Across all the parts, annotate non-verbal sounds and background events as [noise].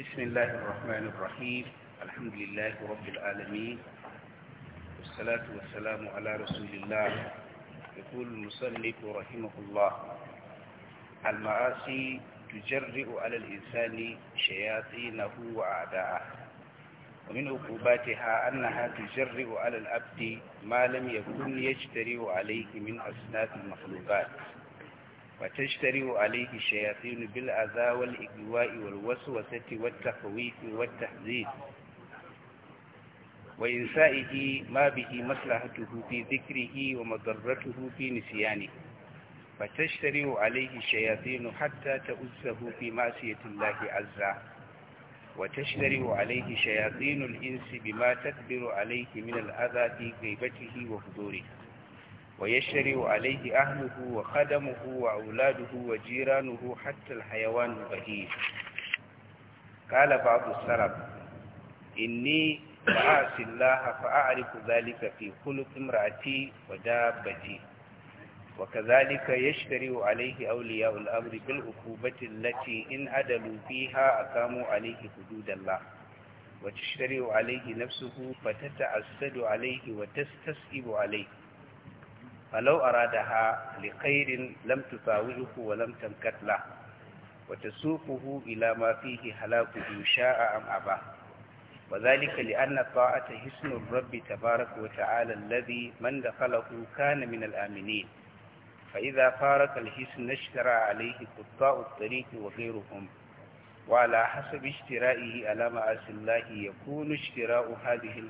بسم الله الرحمن الرحيم الحمد لله رب العالمين والصلاة والسلام على رسول الله يقول المصنف رحمه الله المعاصي تجرئ على الإنسان شياطينه وأعداءه ومن عقوباتها أنها تجرئ على الأبد ما لم يكن يجترئ عليه من أصناف المخلوقات وتشتري عليه الشياطين بالأذى والإجواء والوسوسة والتخويف والتحذير وإنسائه ما به مصلحته في ذكره ومضرته في نسيانه فتشتري عليه الشياطين حتى تؤذه في معصية الله عز وتشتري عليه شياطين الإنس بما تكبر عليه من الأذى في غيبته وحضوره ويشرع عليه أهله وخدمه وأولاده وجيرانه حتى الحيوان البهيم قال بعض السلف إني فأعصي الله فأعرف ذلك في خلق امرأتي ودابتي وكذلك يشتري عليه أولياء الأمر بالعقوبة التي إن أدلوا فيها أقاموا عليه حدود الله وتشتري عليه نفسه فتتعسد عليه وتستسئب عليه فلو أرادها لخير لم تفاوله ولم تنكت له وتسوقه إلى ما فيه هلاكه شاء أم أبا وذلك لأن الطاعة حسن الرب تبارك وتعالى الذي من دخله كان من الآمنين فإذا فارق الحسن اشترى عليه قطاع الطريق وغيرهم وعلى حسب اشترائه على معاصي الله يكون اشتراء هذه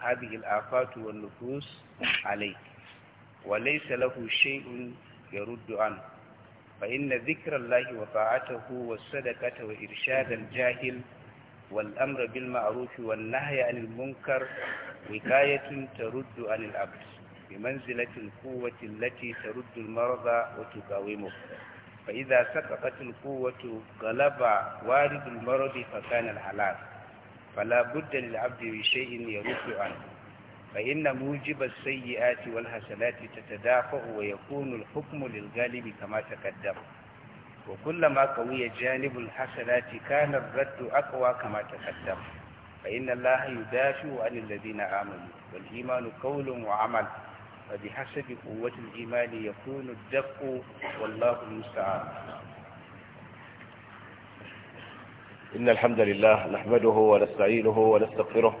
هذه الآفات والنفوس عليه وليس له شيء يرد عنه فإن ذكر الله وطاعته والصدقة وإرشاد الجاهل والأمر بالمعروف والنهي عن المنكر وكاية ترد عن العبد بمنزلة القوة التي ترد المرض وتقاومه فإذا سقطت القوة غلب وارد المرض فكان الحلال فلا بد للعبد بشيء يرد عنه فإن موجب السيئات والحسنات تتدافع ويكون الحكم للغالب كما تقدم وكلما قوي جانب الحسنات كان الرد أقوى كما تقدم فإن الله يدافع عن الذين آمنوا والإيمان قول وعمل فبحسب قوة الإيمان يكون الدفع والله المستعان إن الحمد لله نحمده ونستعينه ونستغفره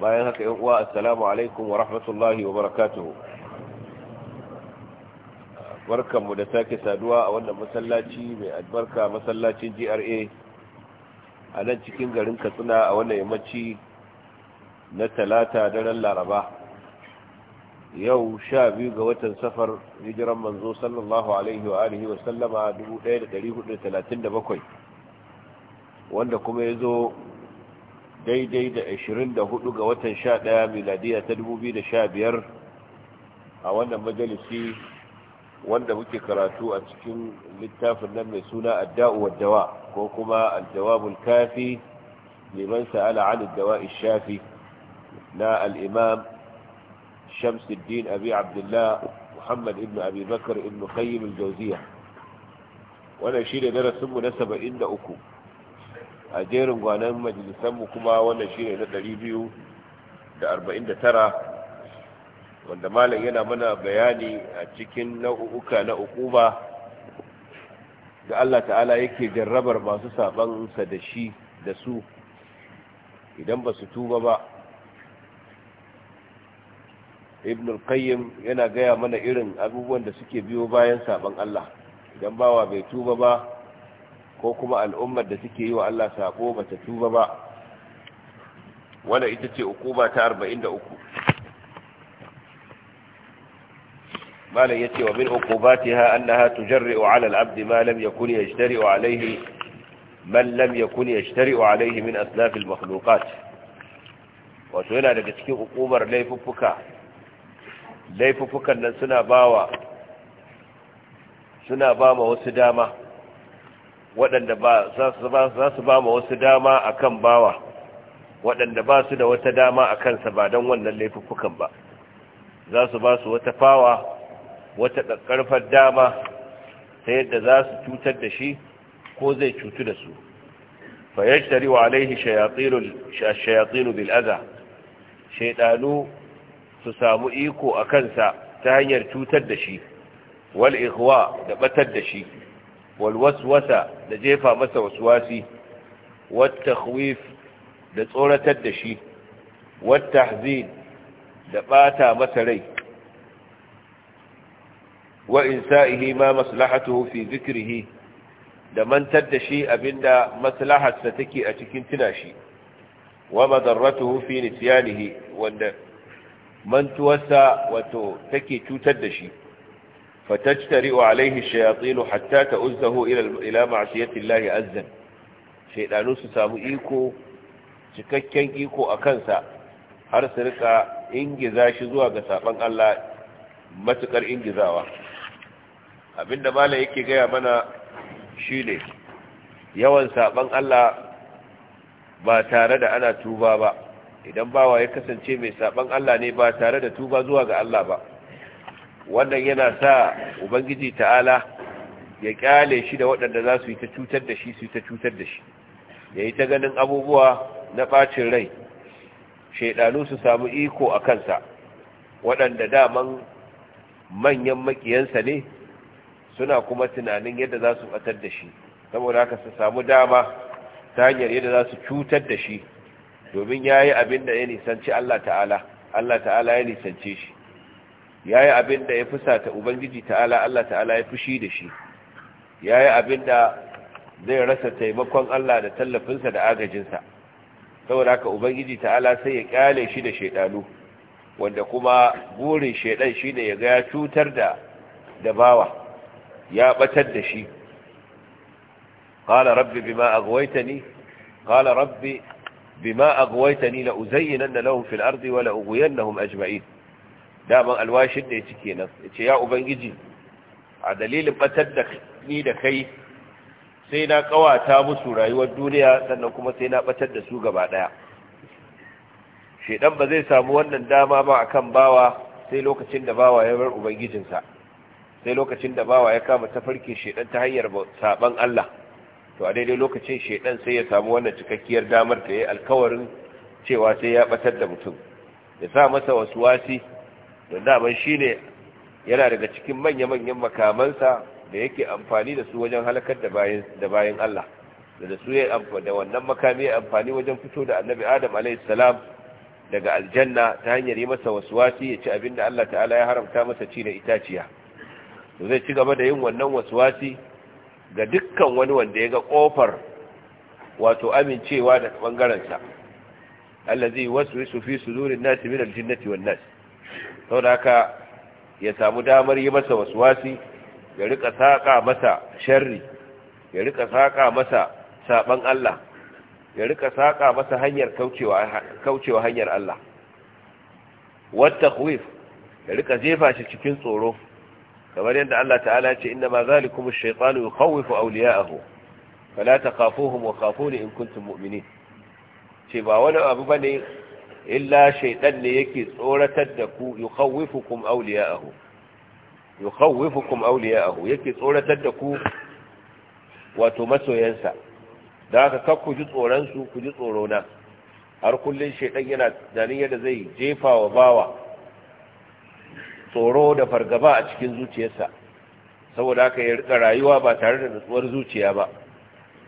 bayan haka yan uwa assalamu alaikum wa rahmatullahi wa barakatuhu barkanmu da sake saduwa a wannan masallaci mai albarka masallacin GRA a nan cikin garin Katsina a wannan yammaci na talata daren Laraba yau sha biyu ga watan safar hijiran manzo sallallahu alaihi wa alihi wa sallama 1437 wanda kuma ya zo daidai da 24 ga watan 11 miladiya ta 2015 a wannan majalisi wanda muke karatu a cikin littafin nan mai suna adda'u wa dawa ko kuma aljawabul kafi liman sa'ala 'an ad-dawa' shafi na al-imam Shamsuddin Abi Abdullah Muhammad ibn Abi Bakr ibn Qayyim al-Jawziyya wannan shine darasin mu na 73 a jerin gwanan majalisanmu kuma wannan shine na 249 wanda malam yana mana bayani a cikin nau'uka na ukuba da Allah ta'ala yake jarrabar masu sabansa da shi da su idan ba su tuba ba ibn al-qayyim yana gaya mana irin abubuwan da suke biyo bayan saban Allah idan bawa bai tuba ba ko kuma al'ummar da suke yi wa Allah sako bata tuba ba wanda ita ce ukuba ta arba'in da 43 mala ce wa min ha uqubatiha annaha tujarri'u 'ala al-'abd ma lam yakun yajtari'u 'alayhi man lam yakun yajtari'u 'alayhi min aslaf al wato yana daga cikin hukumar laifuffuka laifuffukan nan suna bawa suna ba ma wasu dama waɗanda za su ba ma wasu dama a kan bawa waɗanda ba su da wata dama a kansa ba don wannan laifuffukan ba za su ba su wata fawa wata ƙarfar dama ta yadda za su cutar da shi ko zai cutu da su fayyar tari alaihi shayatsinu bil'aza shaidanu su samu iko a kansa ta hanyar cutar da shi wal da batar da shi walwaswasa da jefa masa waswasi wata da tsoratar da shi wata hazin da ɓata masa rai wa insa'ihi ma maslahatuhu fi zikrihi da mantar da shi abinda maslahatsa take a cikin tuna shi wa madarratuhu fi nisyanihi wanda mantuwarsa wato take cutar da shi fatajtari alaihi الشياطين hatta ta'uzzahu ila ila معصيه الله عز shaydanu su samu iko cikakken iko a kansa har su rika ingiza shi zuwa ga saban Allah matukar ingizawa abinda mala yake gaya mana shi ne yawan saban Allah ba tare da ana tuba ba idan bawa ya kasance mai saban Allah ne ba tare da tuba zuwa ga Allah ba wannan yana sa ubangiji ta'ala ya kyale shi da waɗanda za su yi ta cutar da shi su yi ta cutar da shi ya yi ta ganin abubuwa na ɓacin rai shaidanu su samu iko a kansa waɗanda daman manyan makiyansa ne suna kuma tunanin yadda za su ɓatar da shi saboda haka su samu dama ta hanyar yadda za su cutar da shi domin ya yi abin da ya nisanci Allah ta'ala Allah ta'ala ya nisance shi yayi abin da ya fusata ubangiji ta'ala Allah ta'ala ya fushi da shi yayi abin da zai rasa taimakon Allah da tallafinsa da agajinsa saboda haka ubangiji ta'ala sai ya kyale shi da shaidanu wanda kuma burin shaidan shine ya ga ya cutar da dabawa ya batar da shi qala rabbi bima aghwaytani qala rabbi bima aghwaytani la uzayyinanna lahum fil ardi wa la ughwiyannahum ajma'in daman alwashin da ya ci kenan ya ce ya ubangiji a dalilin batar da ni da kai sai na kawata musu rayuwar duniya sannan kuma sai na batar da su gaba daya shedan ba zai samu wannan dama ba akan bawa sai lokacin da bawa ya bar ubangijinsa sai lokacin da bawa ya kama ta farke shedan ta hanyar saban Allah to a daidai lokacin shedan sai ya samu wannan cikakkiyar damar da ya yi alkawarin cewa sai ya batar da mutum ya sa masa wasu wasi da daman shi ne yana daga cikin manya-manyan makamansa da yake amfani da su wajen halakar da bayan Allah da su ya da wannan makami ya amfani wajen fito da annabi adam a.s. daga aljanna ta hanyar yi masa wasu wasi ya ci abin da Allah ta'ala ya haramta masa ci na itaciya da zai ci gaba da yin wannan wasu wasi ga dukkan wani wanda ya ga kofar wato amincewa da bangaren wasu yi su fi sudurin nasi min aljinnati wannan nasi Sau da haka ya samu damar yi masa wasi, ya rika saƙa masa sharri ya rika saƙa masa saɓan Allah ya rika saƙa masa hanyar kaucewa hanyar Allah wata ya rika jefa shi cikin tsoro kamar yadda Allah ta'ala ce inda ma zalikumu ya shaytanu yukhawifu awliya'ahu fala takhafuhum wa ne in kuntun mu'mini ce ba wani abu bane illa shaitan ne yake tsoratar da ku yukhawifukum awliya'ahu yukhawifukum awliya'ahu yake tsoratar da ku wato masoyansa da haka kar ku ji tsoron su ku ji tsoro na har kullun shaitan yana tunanin yadda zai jefa wa bawa tsoro da fargaba a cikin zuciyarsa saboda haka ya rika rayuwa ba tare da nutsuwar zuciya ba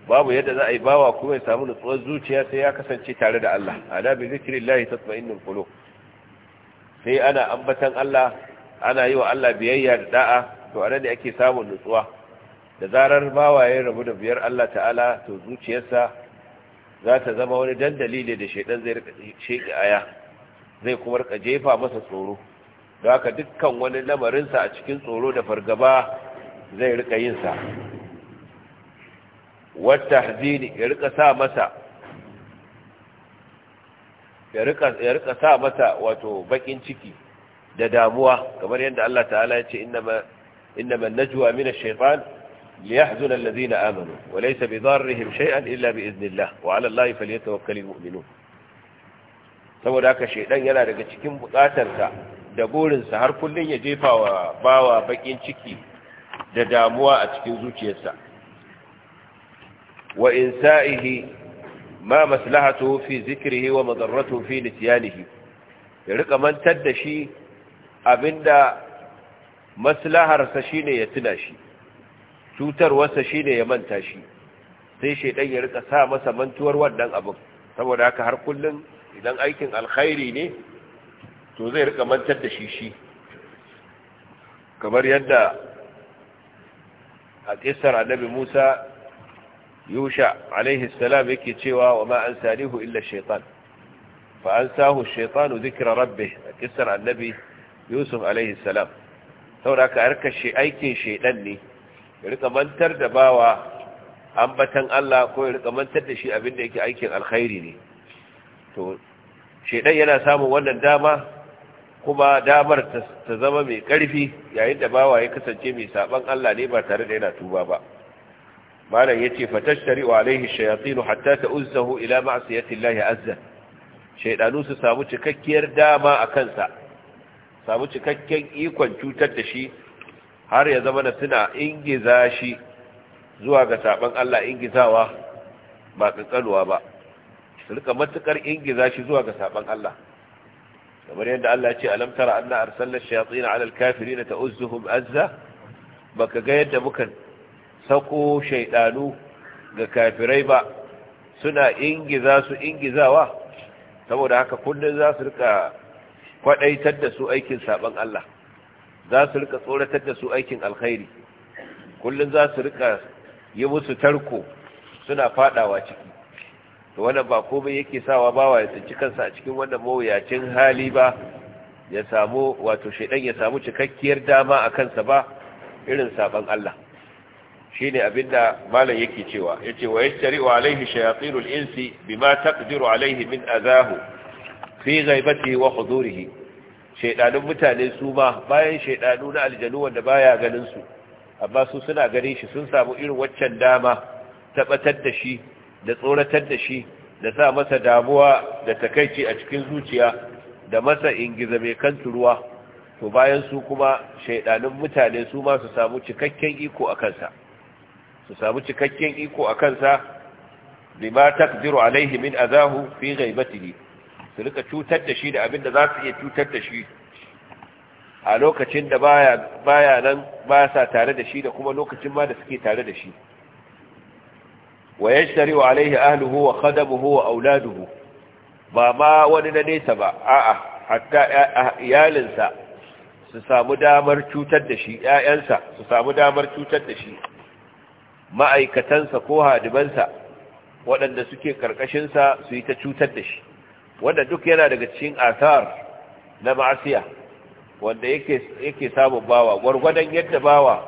babu yadda za a yi bawa kuma ya samu nutsuwar zuciya sai ya kasance tare da Allah ala bi zikrillahi tatma'innul qulub sai ana ambatan Allah ana yi wa Allah biyayya da da'a to anan ne ake samun nutsuwa da zarar bawa ya rabu da biyar Allah ta'ala to zuciyarsa za ta zama wani dandali ne da shedan zai sheki aya zai kuma rika jefa masa tsoro don haka dukkan wani lamarinsa a cikin tsoro da fargaba zai rika yinsa. wata hazini ya rika sa masa ya rika sa mata wato bakin ciki da damuwa kamar yadda Allah ta'ala ya ce innama najwa min ash-shaytan liyahzuna alladhina amanu wa laysa bidarrihim shay'an illa bi idhnillah wa 'ala allahi falyatawakkalul mu'minun saboda haka shaydan yana daga cikin bukatarsa da burinsa har kullun ya jefa wa bawa bakin ciki da damuwa a cikin zuciyarsa وإنسائه ما مسلحته في ذكره ومضرته في نسيانه يرقى من تدشي أبن مسلحة رسشين يتناشي توتر وسشين يمنتاشي sai shaidan ya rika sa masa mantuwar wannan abin saboda haka har kullum idan aikin alkhairi ne to zai rika mantar da shi shi kamar yadda a annabi musa yusha alaihi salam yake cewa wa ma an salihu illa shaitan fa an sahu shaitanu zikra rabbi a kisar annabi yusuf alaihi salam saboda ka harka shi aikin shaidan ne ya rika mantar da bawa ambatan Allah ko ya rika mantar da shi abinda yake aikin alkhairi ne to shaidan yana samun wannan dama kuma damar ta zama mai karfi yayin da bawa ya kasance mai saɓan Allah ne ba tare da yana tuba ba malam yace wa alaihi shayatin hatta ta'uzzahu ila ma'siyati Allah azza shaydanu su samu cikakkiyar dama a kansa samu cikakken ikon cutar da shi har ya zama da suna ingiza shi zuwa ga saban Allah ingizawa ba kankanuwa ba su rika matukar ingiza shi zuwa ga saban Allah kamar yadda Allah ya ce alam tara anna arsalna ash-shayatin 'ala al-kafirin ta'uzzuhum azza baka ga yadda muka sako shaidanu ga kafirai ba suna ingiza su ingizawa saboda haka kullum za su rika kwadaitar da su aikin saban Allah za su rika tsoratar da su aikin alkhairi kullum za su rika yi musu tarko suna fadawa ciki to wannan ba komai yake sawa bawa ya tsinci kansa a cikin wannan mawuyacin hali ba ya samu wato shaidan ya samu cikakkiyar dama a kansa ba irin saban Allah shine abinda malam yake cewa yace wa wa alaihi shayatinul insi bima taqdiru alaihi min azahu fi ghaibatihi wa hudurihi shaydanun mutane su ma bayan shaydanu na aljanu wanda baya ganin su amma su suna ganin shi sun samu irin waccan dama tabbatar da shi da tsoratar da shi da sa masa damuwa da takaici a cikin zuciya da masa ingiza mai kan turuwa to bayan su kuma shaidanun mutane su ma su samu cikakken iko a kansa su samu cikakken iko a kansa lima takdiru alaihi min azahu fi ghaibatihi su rika cutar da shi da abin da za su iya cutar da shi a lokacin da baya nan ba sa tare da shi da kuma lokacin ma da suke tare da shi wa yashtari wa alaihi ahluhu wa khadamuhu wa auladuhu ba ma wani na nesa ba a'a hatta iyalinsa su samu damar cutar da shi ƴaƴansa su samu damar cutar da shi ma'aikatansa ko hadibansa waɗanda suke ƙarƙashinsa su yi ta cutar da shi wanda duk yana daga cikin asar na ma'asiya wanda yake samun bawa gwargwadon yadda bawa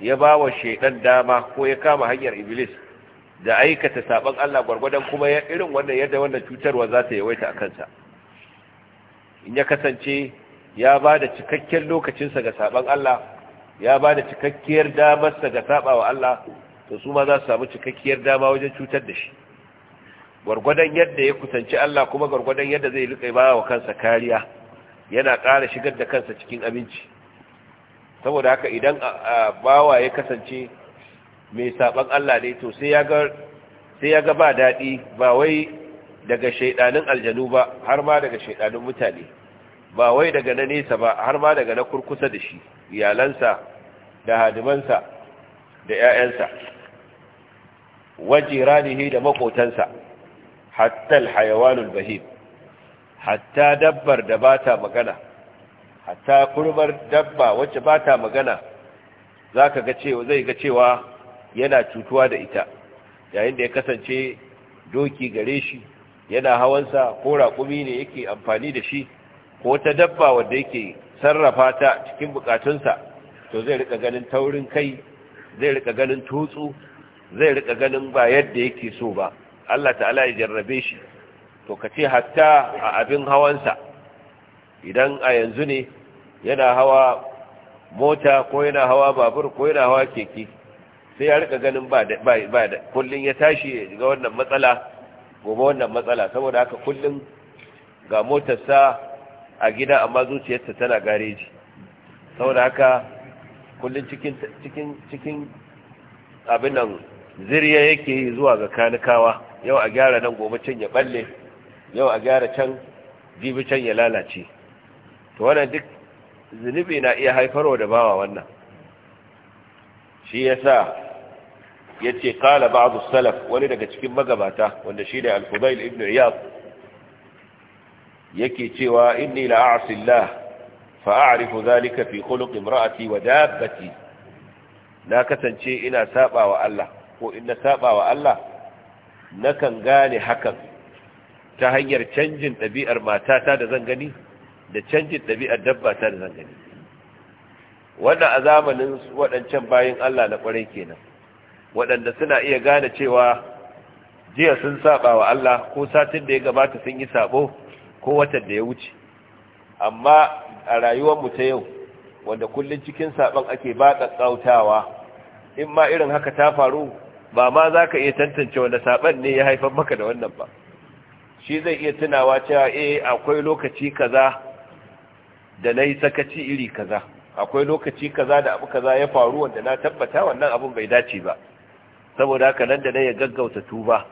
ya bawa shaidan dama ko ya kama hanyar iblis da aikata saban Allah gwargwadon kuma ya irin wannan yadda wannan cutarwa za ta yawaita a kansa in ya kasance ya ba da cikakken lokacinsa ga saban Allah ya ba da cikakkiyar damarsa ga saba wa Allah to su ma za su samu cikakkiyar dama wajen cutar da shi gwargwadon yadda ya kusanci Allah kuma gwargwadon yadda zai riƙe ba wa kansa kariya yana ƙara shigar da kansa cikin abinci. saboda haka idan bawa ya kasance mai saban Allah ne to sai ya ga ba daɗi ba wai daga shaiɗanin aljanu ba har ma daga shaidanin mutane ba wai daga na nesa ba har ma daga na kurkusa da shi iyalansa da hadimansa da 'ya'yansa wajiranihi da makotansa hatta alhayawanul bahim hatta dabbar da bata magana hatta kurbar dabba wacce bata magana zaka ga cewa zai ga cewa yana cutuwa da ita yayin da ya kasance doki gare shi yana hawansa ko raƙumi ne yake amfani da shi ko ta dabba wanda yake sarrafa ta cikin bukatunsa to zai rika ganin taurin kai zai rika ganin tutsu zai rika ganin ba yadda yake so ba Allah ta'ala ya jarrabe shi to kace hatta a abin hawansa idan a yanzu ne yana hawa mota ko yana hawa babur ko yana hawa keke sai ya rika ganin ba da kullun ya tashi ga wannan matsala gobe wannan matsala saboda haka kullun ga motarsa a gida amma zuciyarsa tana gareji saboda haka kullun cikin cikin cikin abin nan zirya yake yi zuwa ga kanikawa yau a gyara nan gobe can ya balle yau a gyara can jibi can ya lalace to wannan duk zunubi na iya haifarwa da bawa wannan shi ya yasa yace kala ba'd as-salaf wani daga cikin magabata wanda shi ne alfubail ibn Iyad yake cewa inni la'asi Allah fa a'rifu fi khuluq imra'ati wa dabbati na kasance ina saba wa Allah ko in na saba wa Allah nakan gane hakan ta hanyar canjin ɗabi'ar matata da zan gani da canjin ɗabi'ar dabbata da zan gani wannan a zamanin waɗancan bayan Allah na ƙwarai kenan waɗanda suna iya gane cewa jiya sun saba wa Allah ko satin da ya gabata sun yi sabo ko watan da ya wuce amma a rayuwar mu ta yau wanda kullun cikin saban ake ba ƙaƙƙautawa in ma irin haka ta faru ba ma za ka iya tantance wanda saban ne ya haifar maka da wannan ba shi zai iya tunawa cewa eh akwai lokaci kaza da na yi sakaci iri kaza akwai lokaci kaza da abu kaza ya faru wanda na tabbata wannan abun bai dace ba saboda haka nan da na ya gaggauta tuba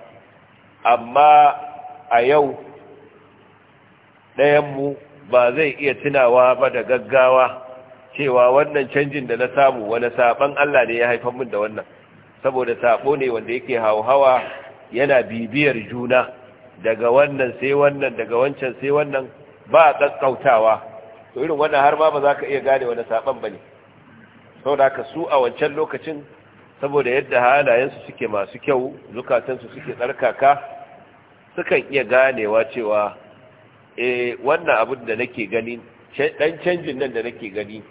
amma a yau ɗayanmu ba zai iya tunawa ba da gaggawa cewa wannan canjin da na samu wani saban Allah ne ya haifar min da wannan saboda sabo ne wanda yake hauhawa yana bibiyar juna daga wannan sai wannan daga wancan sai wannan ba a kakkautawa to irin wannan har ma ba za ka iya gane wani saban bane saboda ka su a wancan lokacin saboda yadda halayensu suke masu kyau zukatansu suke tsarkaka sukan iya ganewa cewa e wannan abin da nake gani dan canjin nan da nake gani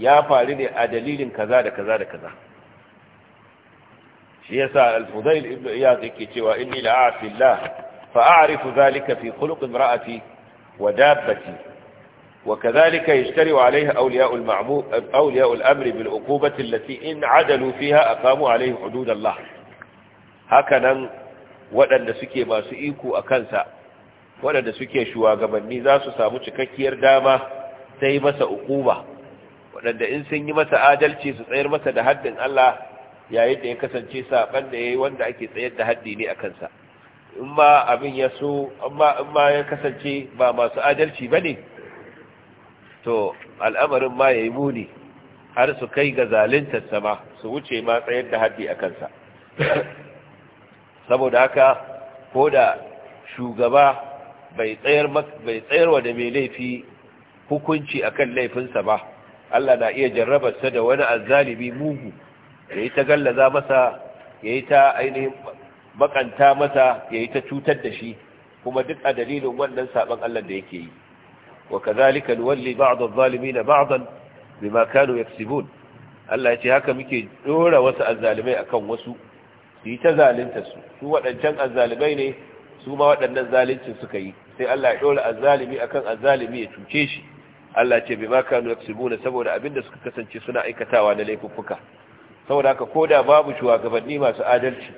ya faru ne a dalilin kaza da kaza da kaza shi yasa al-fudayl ibn iyad yake cewa inni la'afi Allah fa a'rifu zalika fi khuluq imra'ati wa dabbati wa kadhalika yashtari alayha awliya'u al-ma'mur awliya'u al-amr bil uqubati allati in 'adalu fiha aqamu alayhi hudud Allah hakanan waɗanda suke masu iko a kansa waɗanda suke shugabanni za su samu cikakkiyar dama sai masa uquba waɗanda in sun yi masa adalci su tsayar masa da haddin Allah yayin da ya kasance saban da yayi wanda ake tsayar da haddi ne a kansa in ma abin ya so ma ya kasance ba masu adalci ba ne. to al'amarin ma ya yi muni har su kai ga zalintar sama su wuce ma tsayar da haddi a kansa saboda haka ko da shugaba bai tsayar wa da mai laifi hukunci a kan laifinsa ba Allah na iya jarrabarsa da wani azzalibi mugu ya yi ta gallaza masa ya yi ta ainihin bakanta masa ya yi ta cutar da shi kuma duk a dalilin wannan sabon Allah da yake yi wa kazalika nuwalli ba'd adh-dhalimin ba'dan bima kanu yaksibun Allah ya ce haka muke dora wasu azzalimai akan wasu su yi ta zalunta su su waɗancan azzalimai ne su ma waɗannan zalincin suka yi sai Allah ya dora azzalimi akan azzalimi ya cuce shi Allah ce bima kanu yaksibuna saboda abinda suka kasance suna aikatawa na laifuffuka saboda haka koda babu shugabanni masu adalci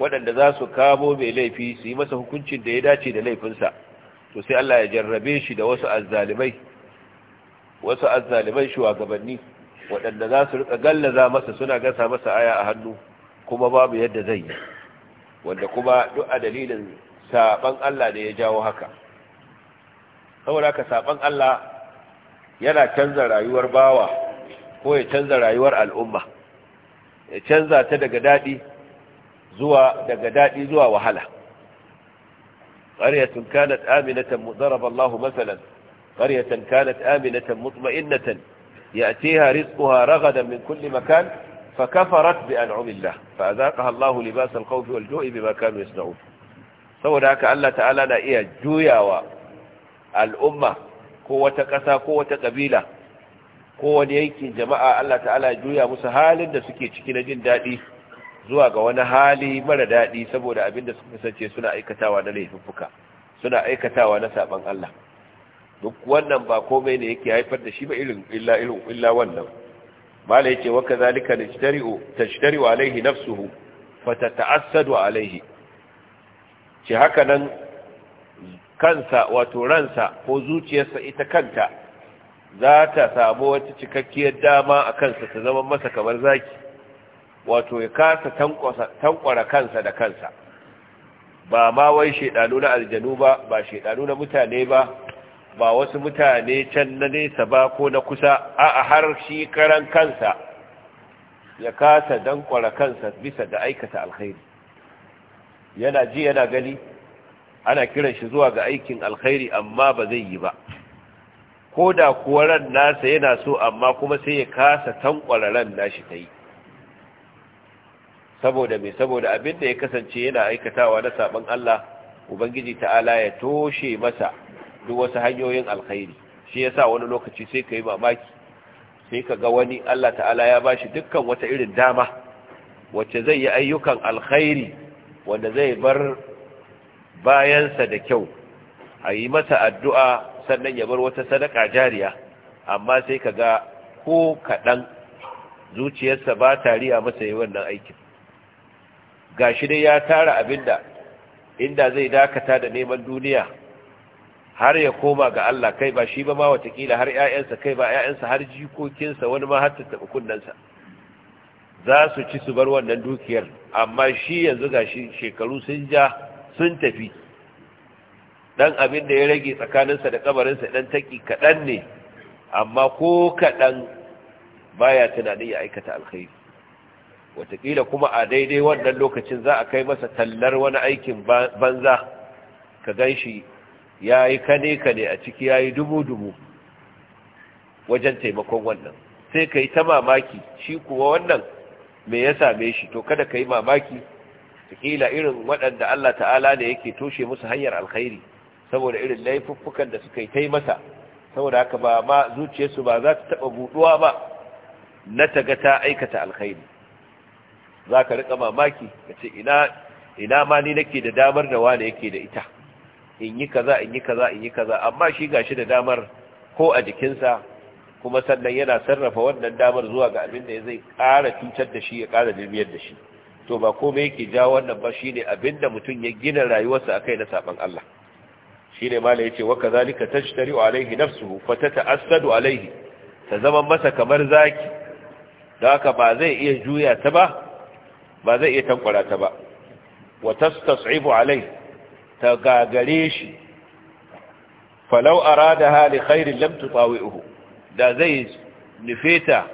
waɗanda za su kamo mai laifi su yi masa hukuncin da ya dace da laifinsa to sai Allah ya jarrabe shi da wasu azzalimai wasu azzalimai shugabanni waɗanda za su rika gallaza masa suna gasa masa aya a hannu kuma babu yadda zai yi wanda kuma duk a dalilin saban Allah da ya jawo haka saboda ka saban Allah yana canza rayuwar bawa ko ya canza rayuwar al'umma ya canza ta daga daɗi zuwa daga daɗi zuwa wahala ƙaryatun kanat aminatan daraba Allahu masalan ƙaryatan kanat aminatan mutma'innatan ya'tiha rizquha ragadan min kulli makan fakafarat bi an'amillah fa azaqaha Allahu libasal khawfi wal ju'i bima kanu yasna'un saboda haka Allah ta'ala na iya juyawa al'umma ko wata ƙasa ko wata ƙabila ko wani yankin jama'a Allah ta'ala juya musu halin da suke ciki na jin daɗi zuwa ga wani hali mara daɗi saboda abin da suka kasance suna aikatawa na laifuka suna aikatawa na saban Allah duk wannan ba komai ne yake haifar da shi ba irin illa irin illa wannan mala yace wa kazalika tajtari'u tajtari'u alaihi nafsuhu fatata'assadu alaihi ce haka nan kansa wato ransa ko zuciyarsa ita kanta za ta samu wata cikakkiyar dama a kansa ta zama masa kamar zaki wato ya kasa tankwara kansa da kansa ba ma wai shaidanu na aljanu ba ba shaidanu na mutane ba ba wasu mutane can na nesa ba ko na kusa a har shi karan kansa ya kasa tankwara kansa bisa da aikata alkhairi yana ji yana gani ana kiran shi zuwa ga aikin alkhairi amma ba zai yi ba ko da kuwa ran nasa yana so amma kuma sai ya kasa tankwara ran nashi ta yi saboda mai saboda abin da ya kasance yana aikatawa na sabon Allah ubangiji ta'ala ya toshe masa duk wasu hanyoyin alkhairi shi sa wani lokaci sai ka yi mamaki sai ka ga wani Allah ta'ala ya ba shi dukkan wata irin dama wacce zai yi ayyukan alkhairi wanda zai bar bayansa da kyau a yi masa addu'a sannan ya bar wata sadaka jariya amma sai ka ga ko kaɗan zuciyarsa ba riya masa yi wannan aikin ga shi dai ya tara abinda inda zai dakata da neman duniya har ya koma ga Allah kai ba shi ba ma watakila har 'ya'yansa kai ba 'ya'yansa har jikokinsa wani ma har za su ci su bar wannan dukiyar amma shi yanzu ga shi shekaru sun ja sun tafi dan abin da ya rage tsakaninsa da kabarinsa dan taki kaɗan ne amma ko kaɗan baya tunanin ya aikata alkhairi watakila kuma a daidai wannan lokacin za a kai masa tallar wani aikin banza ka gan shi ya yi kane-kane a ciki ya yi dubu-dubu wajen taimakon wannan sai ka yi ta mamaki shi kuwa wannan me ya same shi to kada ka yi mamaki watakila irin waɗanda Allah ta'ala ne yake toshe musu hanyar alkhairi saboda irin laifuffukan da suka yi ta yi masa saboda haka ba ma su ba za ta taɓa buɗuwa ba na taga ta aikata alkhairi za ka riƙa mamaki ka ce ina ma ni nake da damar da wane yake da ita in yi kaza in yi kaza in yi kaza amma shi gashi da damar ko a jikinsa kuma sannan yana sarrafa wannan damar zuwa ga abin da ya zai kara cutar da shi ya kara jirgin da shi to ba komai yake jawo wannan ba shine abin da mutum ya gina rayuwarsa a kai na saban Allah shine mala yace wa kadhalika tajtari alaihi nafsuhu fatata'assadu alaihi ta zama masa kamar zaki da haka ba zai iya juya ta ba ba zai iya tankwara ta ba wa tastas'ibu alaihi ta gagare shi falau aradaha li khairin lam tutawi'uhu da zai nufeta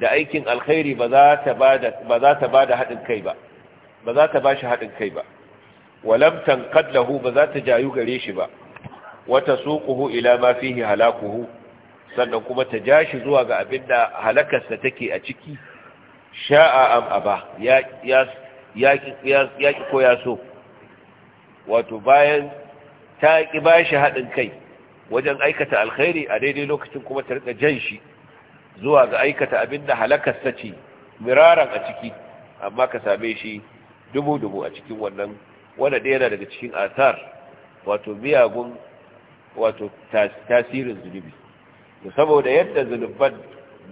da aikin alkhairi ba za ta bada ba za ta bada hadin kai ba ba za ta bashi hadin kai ba Walamtan tanqad lahu ba za ta jayu gare shi ba wata suquhu ila ma fihi halakuhu sannan kuma ta ja shi zuwa ga abinda halakarsa take a ciki sha'a am aba ya ya ki ko ya so wato bayan ta ki bashi haɗin kai wajen aikata alkhairi a daidai lokacin kuma ta rika jan shi zuwa ga aikata abinda halakarsa ce miraran a ciki amma ka same shi dubu dubu a cikin wannan wanda ɗaya yana daga cikin asar wato miyagun wato tasirin zunubi da saboda yadda zunuban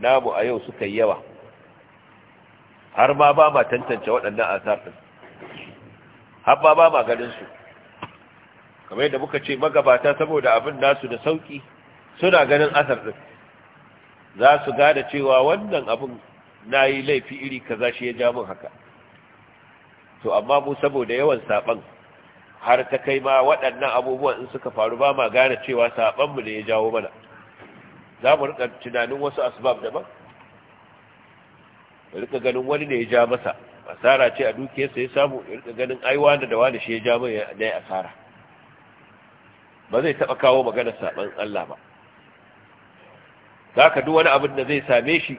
namu a yau suka yi yawa har ma ba ma tantance waɗannan asar ɗin har ma ba ma ganinsu kamar yadda muka ce magabata saboda abin nasu da sauƙi suna ganin asar ɗin za su gada cewa wannan abin na yi laifi iri kaza shi ya ja min haka to amma mu saboda yawan saban har ta kai ma waɗannan abubuwan in suka faru ba ma gane cewa saban mu ne ya jawo mana za mu rika tunanin wasu asbab daban ya rika ganin wani ne ya ja masa asara ce a dukiyarsa ya samu ya rika ganin ai wani da wani shi ya ja mai ne asara ba zai taɓa kawo magana saban Allah ba za ka duk wani abin da zai same shi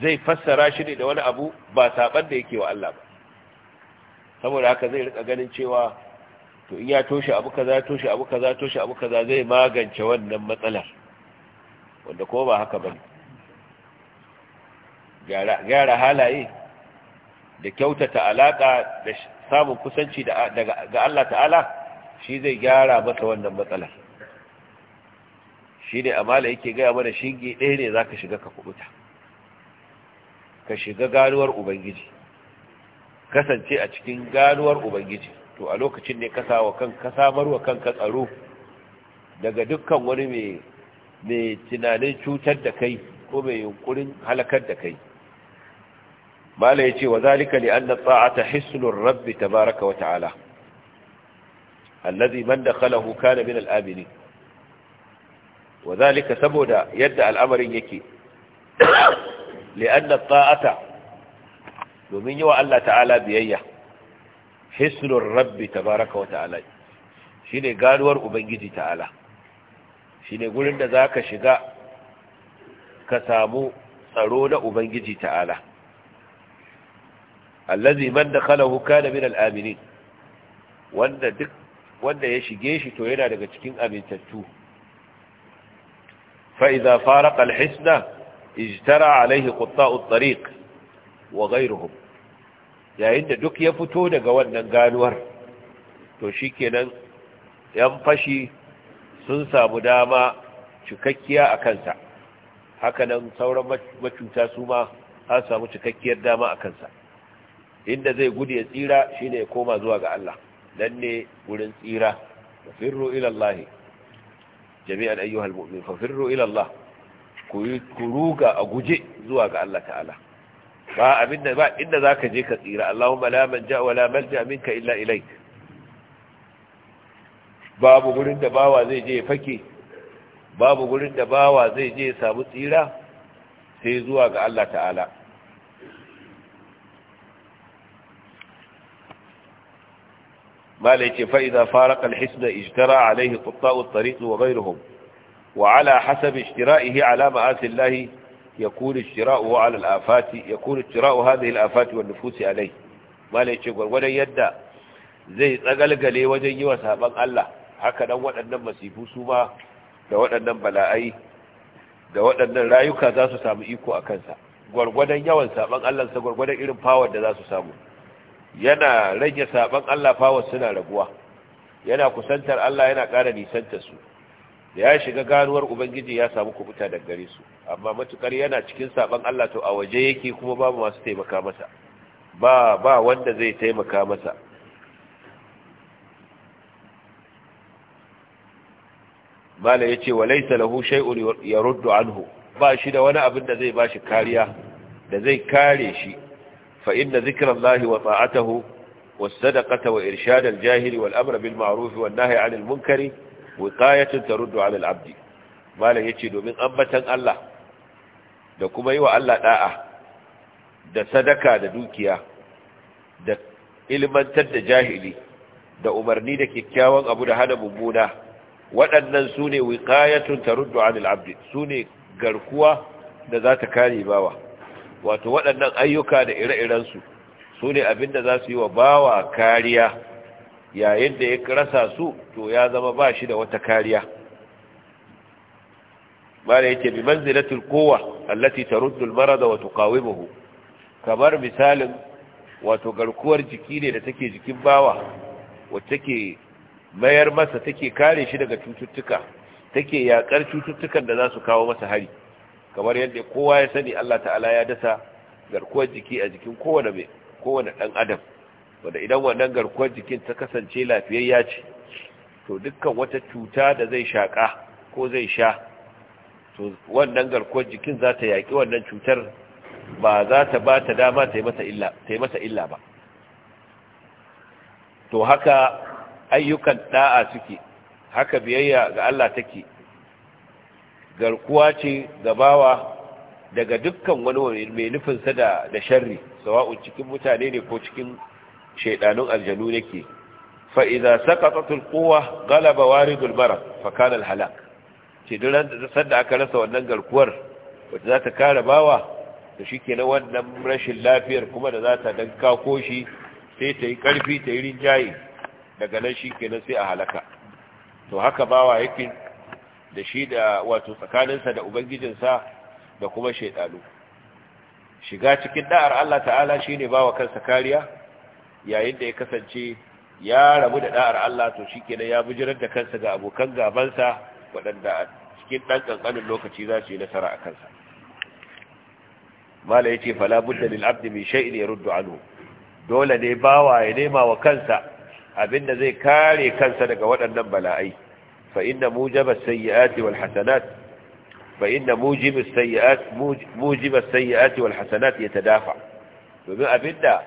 zai fassara shi ne da wani abu ba saban da yake wa Allah ba saboda haka zai rika ganin cewa to in ya toshe abu kaza toshe abu kaza toshe abu kaza zai magance wannan matsalar wanda ko ba haka bane gyara halaye da kyautata alaka da samun kusanci ga Allah ta'ala shi zai gyara masa wannan matsalar shi ne amala yake gaya mana shige ɗaya ne za ka shiga ka kubuta ka shiga ganuwar ubangiji kasance a cikin ganuwar ubangiji to a lokacin ne ka sawa kanka samarwa kanka tsaro daga dukkan wani mai mai tunanin cutar da kai ko mai yunkurin halakar da kai mala yace wa zalika li anna ta'ata hislur rabb tabaaraka wa ta'ala alladhi man dakhalahu kana min al-aminin wa zalika saboda yadda al'amarin yake [coughs] li anna ta'ata domin yi wa Allah ta'ala biyayya hisnur rabbi tabaraka wa ta'ala shine ganuwar ubangiji ta'ala shine gurin da zaka shiga ka samu tsaro na ubangiji ta'ala allazi man dakhalahu kana min al-aminin wanda duk wanda ya shige shi to yana daga cikin amintattu fa idza faraqa al-hisna ijtara alayhi qutta'u at wa gairuhum yayin da duk ya fito daga wannan ganuwar to shikenan yan fashi sun samu dama cikakkiya a kansa hakanan sauran macuta su ma an samu cikakkiyar dama a kansa inda zai gudu ya tsira shine ya koma zuwa ga Allah dan ne wurin tsira firru ila Allah jami'an ayyuhal mu'min fa firru ila Allah ku ruga a guje zuwa ga Allah ta'ala ba abin da ba inda zaka je ka tsira Allahumma la manja wa la malja minka illa ilaik babu gurin da bawa zai je fake babu gurin da bawa zai je samu tsira sai zuwa ga Allah ta'ala مالك فإذا فارق الحسن اجترى عليه قطاع الطريق وغيرهم ala حسب اجترائه على مآث الله يكون الشراء على الآفات يكون الشراء هذه الآفات والنفوس عليه ما لا يشي wajen yi wa saban Allah haka dan waɗannan masifu suma, da waɗannan bala'ai da waɗannan rayuka za su samu iko a kansa gwargwadon yawan saban Allah sa gwargwadon irin power da za su samu yana rage saban Allah power suna raguwa yana kusantar Allah yana ƙara nisanta su da ya shiga ganuwar ubangiji ya samu kubuta daga gare su amma matukar yana cikin saban Allah to a waje yake kuma babu masu taimaka masa ba ba wanda zai taimaka masa mala yace walaysa lahu shay'un yaruddu anhu ba shi da wani abin da zai bashi kariya da zai kare shi fa inna zikrullahi wa ta'atuhu والصدقة وإرشاد الجاهل والأمر بالمعروف والنهي عن المنكر munkari ترد على العبد ما لا يجد domin أمة Allah. da kuma yi wa Allah da'a da sadaka da dukiya da ilmantar da jahili da umarni da kyakkyawan abu da hana mummuna waɗannan su ne wiƙayatun taruddu anil abdi su ne garkuwa da za ta kare bawa wato waɗannan ayyuka da ire-irensu su ne abin da za su yi wa bawa kariya yayin da ya rasa su to ya zama ba shi da wata kariya mala yake bi manzilatul quwwa allati taruddu al-marada wa tuqawimuhu kamar misalin wato garkuwar jiki ne da take jikin bawa wacce take mayar masa take kare shi daga cututtuka take yakar cututtukan da zasu kawo masa hari kamar yadda kowa ya sani Allah ta'ala ya dasa garkuwar jiki a jikin kowane mai kowane dan adam wanda idan wannan garkuwar jikin ta kasance lafiyayya ce to dukkan wata cuta da zai shaka ko zai sha to wannan garkuwar jikin za ta yaƙi wannan cutar ba za ta ba ta dama ta yi mata illa ba to haka ayyukan ɗa'a suke haka biyayya ga Allah take garkuwa ce gabawa daga dukkan wani mai nufinsa da da sharri sawa'u cikin mutane ne ko cikin shaidanun aljanu nake fa idza saqatatul quwwa galaba waridul marad fa kana al halak ce duk sanda aka rasa wannan garkuwar wacce za ta kare bawa da shi ke na wannan rashin lafiyar kuma da za ta dan kako shi sai ta yi ƙarfi ta yi rinjaye daga nan shi ke na sai a halaka to haka bawa yake da shi da wato tsakaninsa da ubangijinsa da kuma shaidanu shiga cikin da'ar Allah ta'ala shi ne bawa kansa kariya yayin da ya kasance ya rabu da da'ar Allah to shi ke na ya bujirar da kansa ga abokan gabansa waɗanda cikin ɗan ƙanƙanin lokaci za su yi nasara a kansa mala ya ce falabudda lil'abdi mai sha'in ya ruddu anu dole ne bawa ya nema wa kansa abinda zai kare kansa daga waɗannan bala'ai fa inna mujaba sayyi'ati wal hasanat fa inna mujiba sayyi'at mujiba sayyi'ati ya ta dafa. domin abinda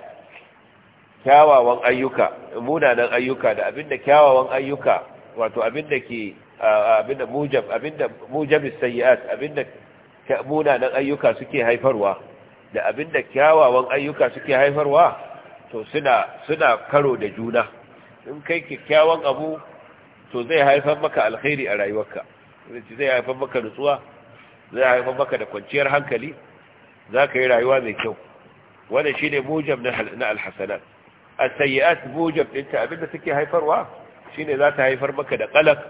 kyawawan ayyuka munanan ayyuka da abinda kyawawan ayyuka wato abinda ke abinda mujab abinda mujabis sayiat abinda nan ayyuka suke haifarwa da abinda kyawawan ayyuka suke haifarwa to suna suna karo da juna in kai kyakkyawan abu to zai haifar maka alkhairi a rayuwarka zai haifar maka nutsuwa zai haifar maka da kwanciyar hankali za ka yi rayuwa mai kyau wannan shine mujab na alhasanat as sayi'at mujab ta abinda suke haifarwa shine za ta haifar maka da qalaq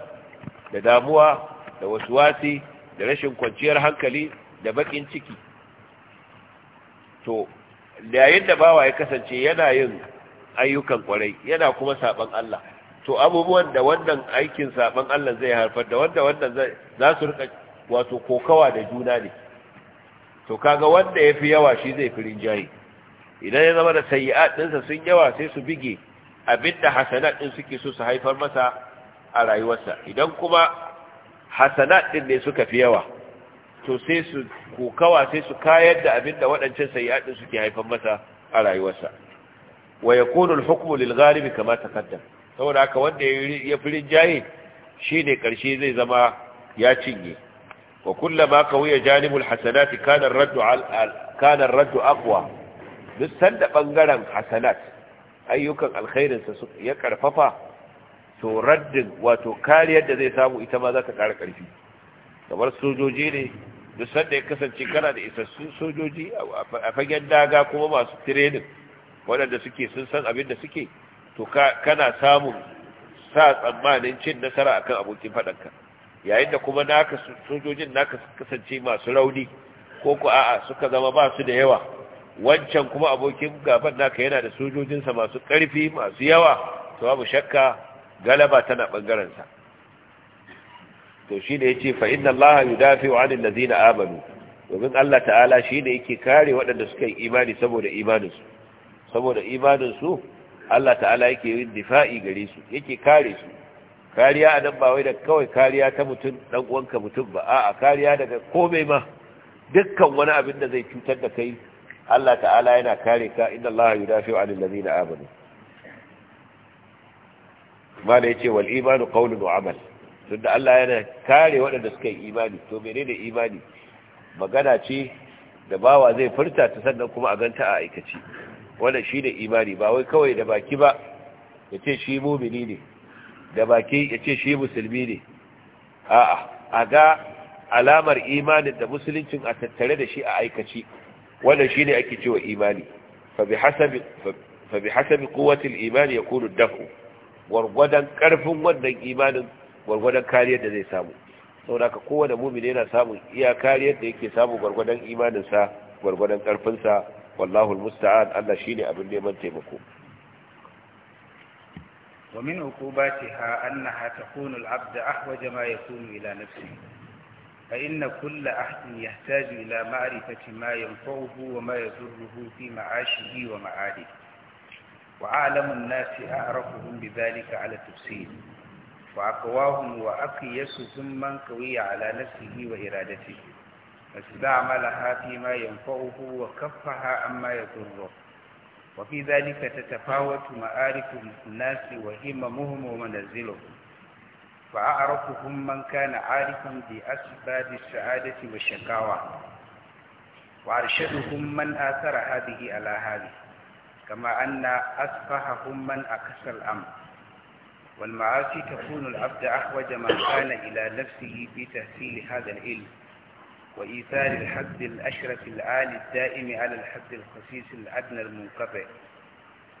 da damuwa da wasu wasi, da rashin kwanciyar hankali da bakin ciki to yayin da bawa ya kasance yana yin ayyukan kwarai yana kuma saban Allah to abubuwan da wannan aikin saban Allah zai haifar da wanda wannan za su rika wato kokawa da juna ne to kaga wanda yafi yawa shi zai fi rinjaye idan ya zama da sayyi'at ɗinsa sun yawa sai su bige abinda hasanat ɗin suke so su haifar masa a rayuwarsa idan kuma hasanat din ne suka fi yawa to sai su kokawa sai su kayar da abin da waɗancan sayi'at suke haifan masa a rayuwarsa wa yakunu al-hukmu lil ghalibi kama taqaddam saboda haka wanda ya fi rinjaye shine ƙarshe zai zama ya cinye wa kullama kawiya janibul hasanati kana ar-raddu kana raddu aqwa duk sanda ɓangaren hasanat ayyukan alkhairinsa ya karfafa to raddin wato kariyar da zai samu ita ma za ta ƙara ƙarfi kamar sojoji ne duk sanda ya kasance kana da isassun sojoji a fagen daga kuma masu tirenin waɗanda suke sun san abin da suke to kana samun sa tsammanin cin nasara akan abokin faɗanka yayin da kuma naka sojojin naka kasance masu rauni ko ku a'a suka zama ba su da yawa wancan kuma abokin gaban naka yana da sojojinsa masu ƙarfi masu yawa to babu shakka galaba tana bangarensa to shi ne ya ce fa inna Allah yi dafi wa anin lazina amanu domin Allah ta'ala shi ne yake kare waɗanda suka yi imani saboda imaninsu saboda imaninsu Allah ta'ala yake yin difa'i gare su yake kare su kariya a nan ba wai da kawai kariya ta mutum ɗan uwanka mutum ba a'a kariya daga komai ma dukkan wani abin da zai cutar da kai Allah ta'ala yana kare ka inna Allah yudafi'u 'anil ladina amanu mala yace wal imanu qawlun wa amal tunda Allah yana kare waɗanda suka yi imani to menene imani magana ce da bawa zai furta ta sannan kuma a ganta a aikace wannan shine imani ba wai kawai da baki ba yace shi mu'mini ne da baki yace shi musulmi ne a'a a ga alamar imanin da musuluncin a tattare da shi a aikaci wannan shine ake cewa imani fa bi hasabi fa bi hasabi quwwati al-iman dafu gwargwadon karfin wannan imanin gwargwadon kariyar da zai samu saboda ka kowane mumin yana samun iya kariyar da yake samun gwargwadon imaninsa gwargwadon karfinsa wallahu almusta'an Allah ne abin neman taimako ومن عقوباتها أنها تكون العبد أحوج ما يكون إلى نفسه فإن كل أحد يحتاج إلى معرفة ما ينفعه وما يضره في معاشه ومعاده وأعلم الناس أعرفهم بذلك على التفسير وأقواهم وأقيس من قوي على نفسه وإرادته عملها فيما ينفعه وكفها عما يضره وفي ذلك تتفاوت مآرف الناس وهممهم ومنازلهم فأعرفهم من كان عارفا بأسباب السعادة والشكاوى وأرشدهم من آثر هذه على هذه كما أن أسفههم من أكس الأمر والمعاصي تكون العبد أحوج ما كان إلى نفسه في تحصيل هذا العلم وإيثار الحد الأشرف العالي الدائم على الحد الخسيس الأدنى المنقطع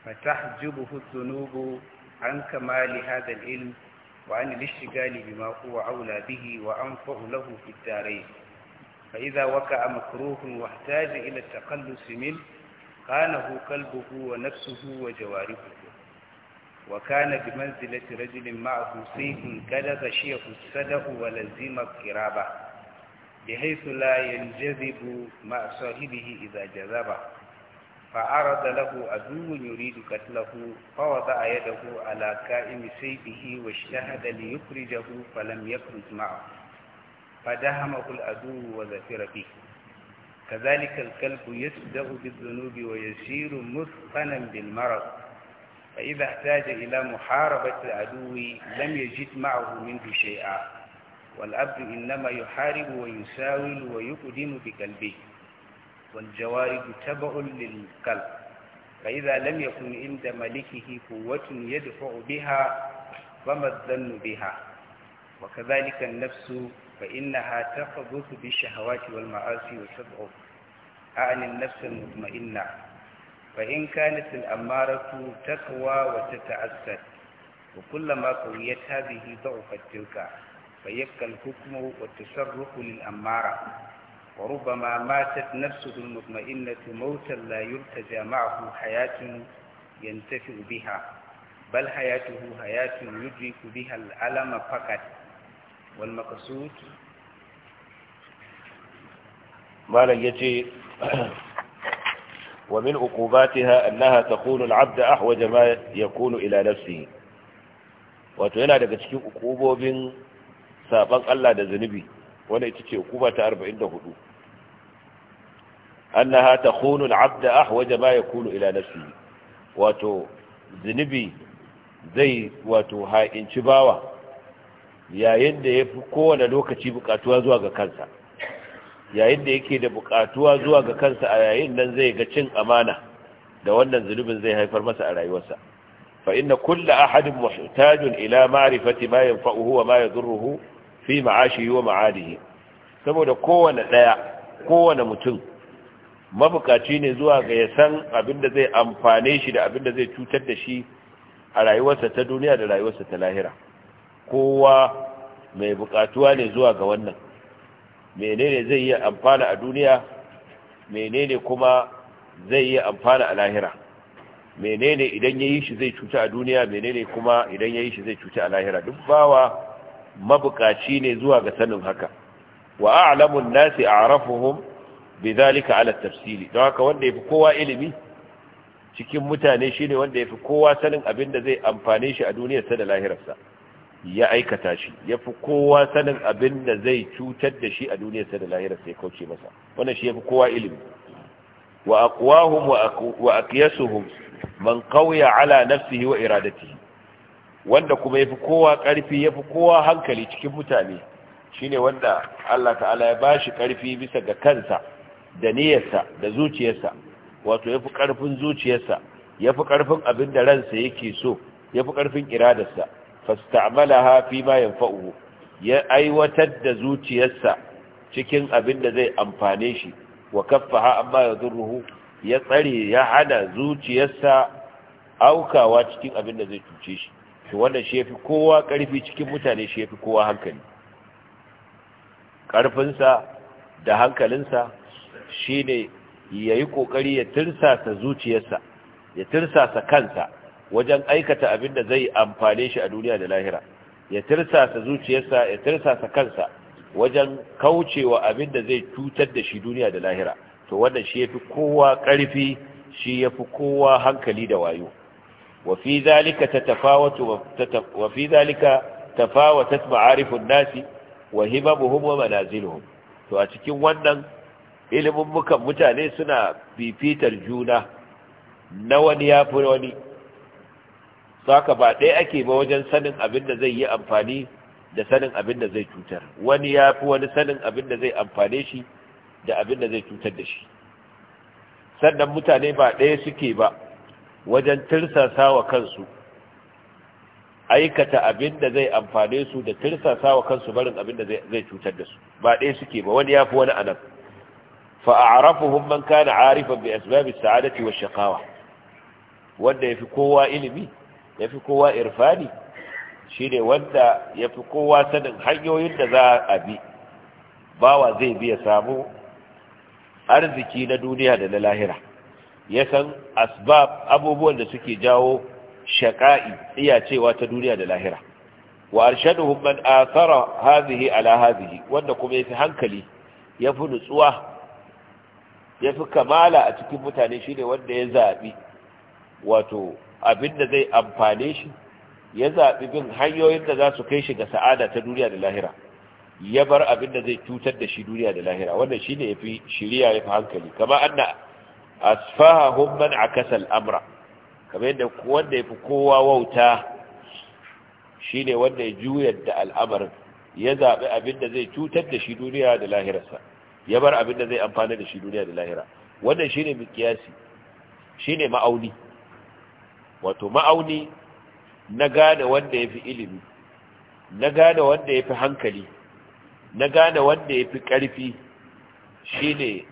فتحجبه الذنوب عن كمال هذا العلم وعن الاشتغال بما هو أولى به وأنفع له في الدارين فإذا وقع مكروه واحتاج إلى التقلص منه kana hu kalbuhu wa nafsuhu wa jawarihuhu wa kana bi manzilati rajulin ma'ahu sayfun ku shiyahu sadahu wa lazima kiraba bi haythu la yanjazibu ma'a sahibihi idha jazaba fa arada lahu adu yuridu katlahu fa wada'a yadahu ala ka'imi sayfihi wa shahada li yukuri fa lam yakhruj fa dahamahu al adu wa zafi rafi. كذلك الكلب يسدأ بالذنوب ويسير مثقنا بالمرض فإذا احتاج إلى محاربة العدو لم يجد معه منه شيئا والعبد إنما يحارب ويساول ويقدم بكلبه والجوارب تبع للكلب فإذا لم يكن عند ملكه قوة يدفع بها فما الظن بها وكذلك النفس فإنها تقبض بالشهوات والمعاصي وتضعف أعني النفس المطمئنة فإن كانت الأمارة تقوى وتتعسد وكلما قويت هذه ضعفت تلك فيبقى الحكم والتصرف للأمارة وربما ماتت نفسه المطمئنة موتا لا يرتجى معه حياة ينتفع بها بل حياته حياة يدرك بها الألم فقط والمقصود ما ya [coughs] ومن عقوباتها أنها تكون العبد أحوج ما يكون إلى نفسه وتوينا daga cikin ukubobin saban Allah da zanubi wanda ita ce ukuba ta 44 annaha takhunu al-'abd ahwaja ma yakunu ila nafsihi wato zanubi zai wato ha'inci bawa yayin da yafi kowane lokaci bukatuwa zuwa ga kansa yayin da yake da bukatuwa zuwa ga kansa a yayin nan zai ga cin amana da wannan zunubin zai haifar masa a rayuwarsa fa inna kullu ahadin muhtajun ila ma'rifati ma yanfa'uhu wa ma yadhurruhu fi ma'ashihi wa ma'adihi saboda kowanne daya kowanne mutum mabukaci ne zuwa ga ya san abin da zai amfane shi da abin da zai cutar da shi a rayuwarsa ta duniya da rayuwarsa ta lahira kowa mai bukatuwa ne zuwa ga wannan menene zai yi amfana a duniya menene kuma zai yi amfana a lahira menene idan yayi yi shi zai cuta a duniya menene kuma idan yayi yi shi zai cuta a lahira duk bawa mabukaci ne zuwa ga sanin haka wa a'lamun nasi a'rafuhum bidhalika ala tafsiri don haka wanda yafi kowa ilimi cikin mutane shine wanda yafi kowa sanin abin da zai amfane shi a duniyarsa da lahirarsa ya aikata shi ya fi kowa sanin abin da zai cutar da shi a duniya sai da lahira sai kauce masa wannan shi ya fi kowa ilimi wa aqwahum wa aqyasuhum man qawiya ala nafsihi wa iradatihi wanda kuma ya fi kowa karfi fi kowa hankali cikin mutane shine wanda Allah ta'ala ya bashi karfi bisa ga kansa da niyyarsa da zuciyarsa wato ya fi karfin zuciyarsa fi karfin abin da ransa yake so ya fi karfin iradarsa fasta'malaha fi ma yanfa'uhu ya aiwatar da zuciyarsa cikin abin da zai amfane shi wa kaffaha amma yadurruhu ya tsare ya hana zuciyarsa aukawa cikin abin da zai cuce shi to wannan shi yafi kowa karfi cikin mutane shi yafi kowa hankali sa da hankalinsa shine yayi kokari ya tirsasa zuciyarsa ya tirsasa kansa wajen aikata abin da zai amfane shi a duniya da lahira ya tirsasa zuciyarsa ya tirsasa kansa wajen kaucewa abin da zai cutar da shi duniya da lahira to wannan shi yafi kowa ƙarfi shi yafi kowa hankali da wayo wafi fi zalika tatafawatu wa zalika tafawatat ma'arifun nasi wa hibabuhum wa to a cikin wannan ilimin mukan mutane suna fifitar juna na wani yafi wani saka ba ɗaya ake ba wajen sanin abin da zai yi amfani da sanin abin da zai cutar wani ya fi wani sanin abin da zai amfane shi da abin da zai cutar da shi sannan mutane ba ɗaya suke ba wajen tirsasa wa kansu aikata abin da zai amfane su da tirsasa wa kansu barin abin da zai cutar da su ba ɗaya suke ba wani ya fi wani anan fa'arafuhum man kana arifan bai asibabi sa'adati wa shakawa wanda ya fi kowa ilimi ya fi kowa irfani shi ne wanda ya fi kowa sanin hanyoyin da za a bi bawa zai biya ya samu arziki na duniya da na lahira ya san asbab abubuwan da suke jawo shaka'i cewa ta duniya da lahira wa arshaduhum man athara hadhihi ala hadhihi wanda kuma yafi hankali yafi nutsuwa yafi kamala a cikin mutane shine wanda ya zaɓi wato abin da zai amfane shi ya zaɓi bin hanyoyin da za su kai shi ga sa'ada ta duniya da lahira ya bar abin da zai cutar da shi duniya da lahira wannan shi ne ya fi shiriya ya fi hankali kama an na asfaha hunman a kasar amra kama yadda wanda ya fi kowa wauta shi ne wanda ya juya da al'amarin ya zaɓi abin da zai cutar da shi duniya da lahirarsa ya bar abin da zai amfana da shi duniya da lahira wannan shi ne mikiyasi shi ne ma'auni wato ma'auni na gane wanda ya fi ilimi na gane wanda ya fi hankali na gane wanda ya fi ƙarfi shi ne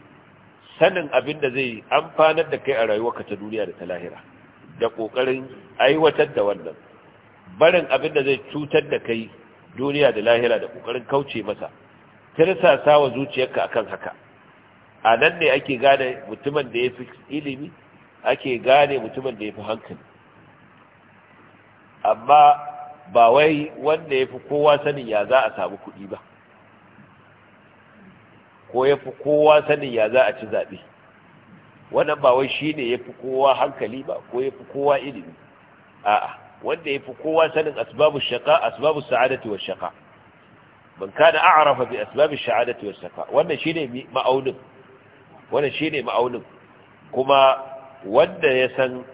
sanin abin da zai amfanar da kai a rayuwa ta duniya da ta lahira da ƙoƙarin aiwatar da wannan barin abin da zai cutar da kai duniya da lahira da ƙoƙarin kauce masa tirsasa wa zuciyarka akan haka a nan ne ake gane mutumin da ya fi ilimi ake gane mutumin da ya fi hankali amma ba wai wanda ya fi kowa sanin ya za a samu kuɗi ba ko ya fi kowa sanin ya za a ci zaɓe wannan ba wai shi ne ya fi kowa hankali ba ko ya fi kowa ilimi a'a wanda ya fi kowa sanin asibabu shaka asibabu sa'adati wa shaka man kana a'rafa bi asibabu sha'adati wa shaka wannan ne ma'aunin wannan shi ne ma'aunin kuma wanda ya san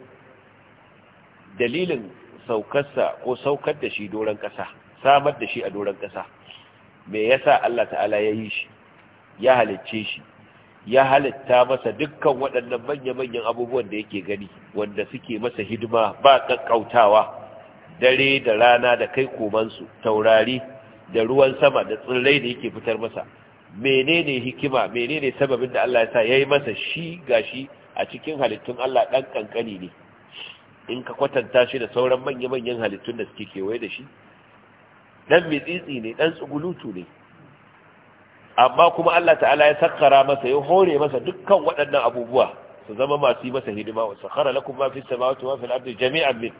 dalilin saukarsa ko saukar da shi doron ƙasa samar da shi a doron ƙasa me yasa Allah ta'ala ya yi shi ya halicce shi ya halitta masa dukkan waɗannan manya-manyan abubuwan da yake gani wanda suke masa hidima ba ƙaƙƙautawa dare da rana da kai komansu taurari da ruwan sama da tsirrai da yake fitar masa menene hikima menene sababin da Allah ya sa yayi masa shi gashi a cikin halittun Allah dan kankani ne in ka kwatanta shi da sauran manya-manyan halittun da suke kewaye da shi dan mitsitsi ne dan tsugulutu ne amma kuma Allah ta'ala ya sakkara masa ya hore masa dukkan waɗannan abubuwa su zama masu yi masa hidima wa sakkara lakum ma fi samawati wa fil ardi jami'an min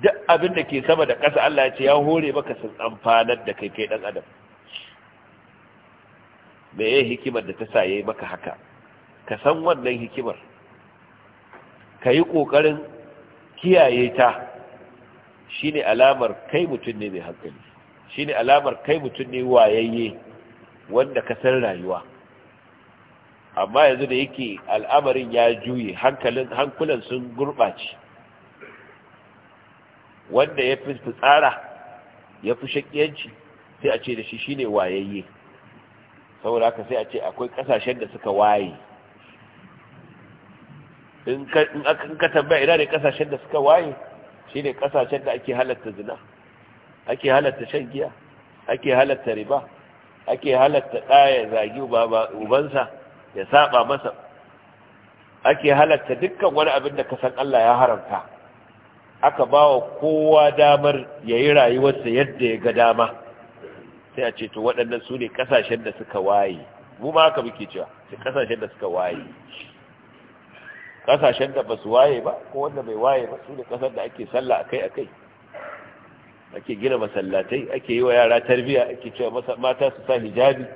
duk abin da ke sama da ƙasa Allah ya ce ya hore maka sun amfanar da kai kai dan adam me ya hikimar da ta sa yayi maka haka ka san wannan hikimar ka yi ƙoƙarin kiyaye ta shi ne alamar kai mutum ne mai hankali shi ne alamar kai mutum ne wayayye wanda ka san rayuwa amma yanzu da yake al'amarin ya juye hankulan sun gurɓace wanda ya fi fitsara ya fi shakiyanci sai a ce da shi shi ne wayayye saboda haka sai a ce akwai ƙasashen da suka waye in ka tambaya ina ne kasashen da suka waye shi ne kasashen da ake halatta zina ake halatta shan giya ake halatta riba ake halatta ɗaya zagi ubansa ya saba masa ake halatta dukkan wani abin da kasan Allah ya haramta aka ba wa kowa damar ya yi rayuwarsa yadda ya ga dama sai a ce to waɗannan su ne ƙasashen da suka waye mu ma haka muke cewa sai ƙasashen da suka waye kasashen da ba su waye ba ko wanda bai waye ba su da kasar da ake sallah akai akai ake gina masallatai ake yi wa yara tarbiya ake cewa mata su sa hijabi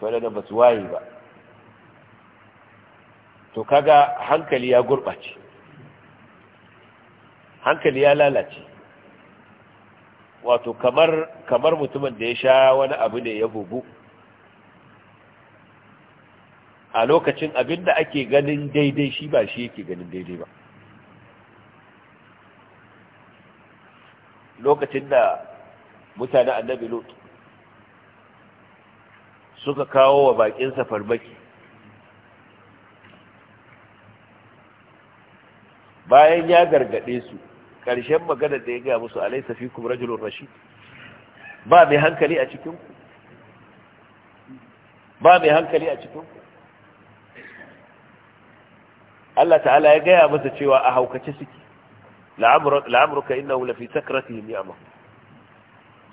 da ba su waye ba to kaga hankali ya gurɓace hankali ya lalace wato kamar kamar mutumin da ya sha wani abu ne ya bugu a lokacin abin da ake ganin daidai shi ba shi yake ganin daidai ba lokacin da mutane annabi lot suka kawo wa safar farmaki bayan ya gargade su ƙarshen magana da ya gaya musu alaisa fi kuma rajulun rashid ba mai hankali a cikinku ba mai hankali a cikinku Allah ta'ala ya gaya masa cewa a haukace suke la'amruka innahu lafi sakratihim ya'ma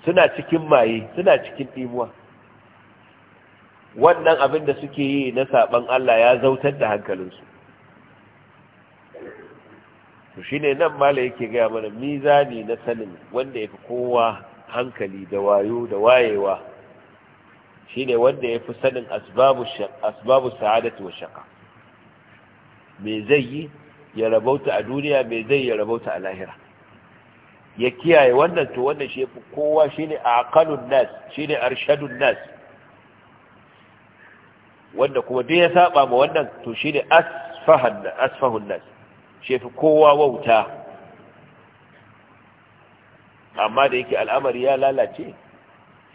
suna cikin maye suna cikin dimuwa wannan abin da suke yi na saban Allah ya zautar da hankalinsu to shine nan mala yake gaya mana mizani na sanin wanda fi kowa hankali da wayo da wayewa shine wanda yafi sanin asbabu asbabu wa shaqa me zai yi ya rabauta a duniya me zai ya rabauta a lahira ya kiyaye wannan to wannan shi yafi kowa shine aqalun nas shine arshadun nas wanda kuma duk ya saba ma wannan to shine asfahan asfahun nas shi yafi kowa wauta amma da yake al'amari ya lalace